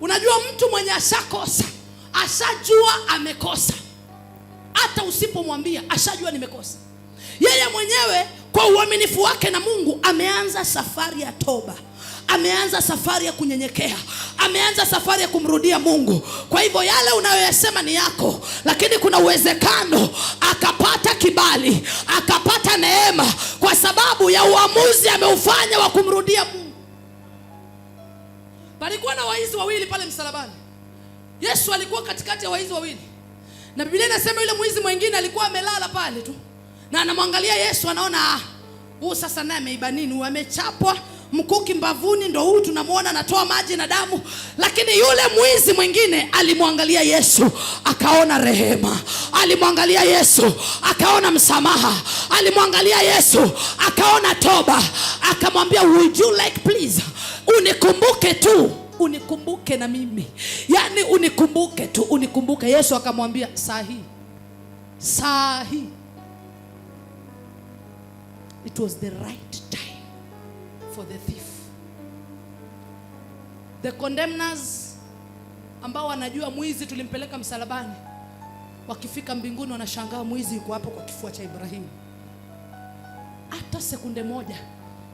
Unajua mtu mwenye ashakosa, ashajua amekosa, hata usipomwambia ashajua nimekosa. Yeye mwenyewe kwa uaminifu wake na Mungu ameanza safari ya toba, ameanza safari ya kunyenyekea, ameanza safari ya kumrudia Mungu. Kwa hivyo yale unayoyasema ni yako, lakini kuna uwezekano akapata kibali, akapata neema, kwa sababu ya uamuzi ameufanya wa kumrudia Mungu. Palikuwa na waizi wawili pale msalabani. Yesu alikuwa katikati ya waizi wawili, na Biblia inasema yule mwizi mwingine alikuwa amelala pale tu na anamwangalia Yesu, anaona ah, huu sasa naye ameiba nini? Amechapwa mkuki mbavuni, ndo huu tunamwona anatoa maji na damu. Lakini yule mwizi mwingine alimwangalia Yesu akaona rehema, alimwangalia Yesu akaona msamaha, alimwangalia Yesu akaona toba akamwambia would you like please unikumbuke tu unikumbuke na mimi yani unikumbuke tu unikumbuke yesu akamwambia sahi sahi it was the right time for the thief the condemners ambao wanajua mwizi tulimpeleka msalabani wakifika mbinguni wanashangaa mwizi yuko hapo kwa kifua cha ibrahimu hata sekunde moja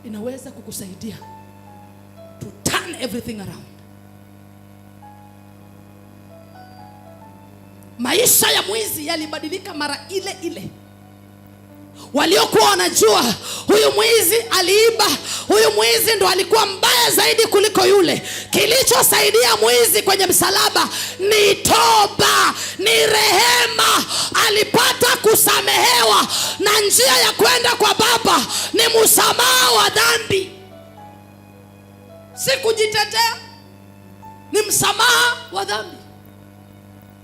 inaweza kukusaidia to turn everything around. Maisha ya mwizi yalibadilika mara ile ile. Waliokuwa wanajua huyu mwizi aliiba, huyu mwizi ndo alikuwa mbaya zaidi kuliko yule. Kilichosaidia mwizi kwenye msalaba ni toba, ni rehema alipata na njia ya kwenda kwa Baba ni msamaha wa dhambi, si kujitetea, ni msamaha wa dhambi.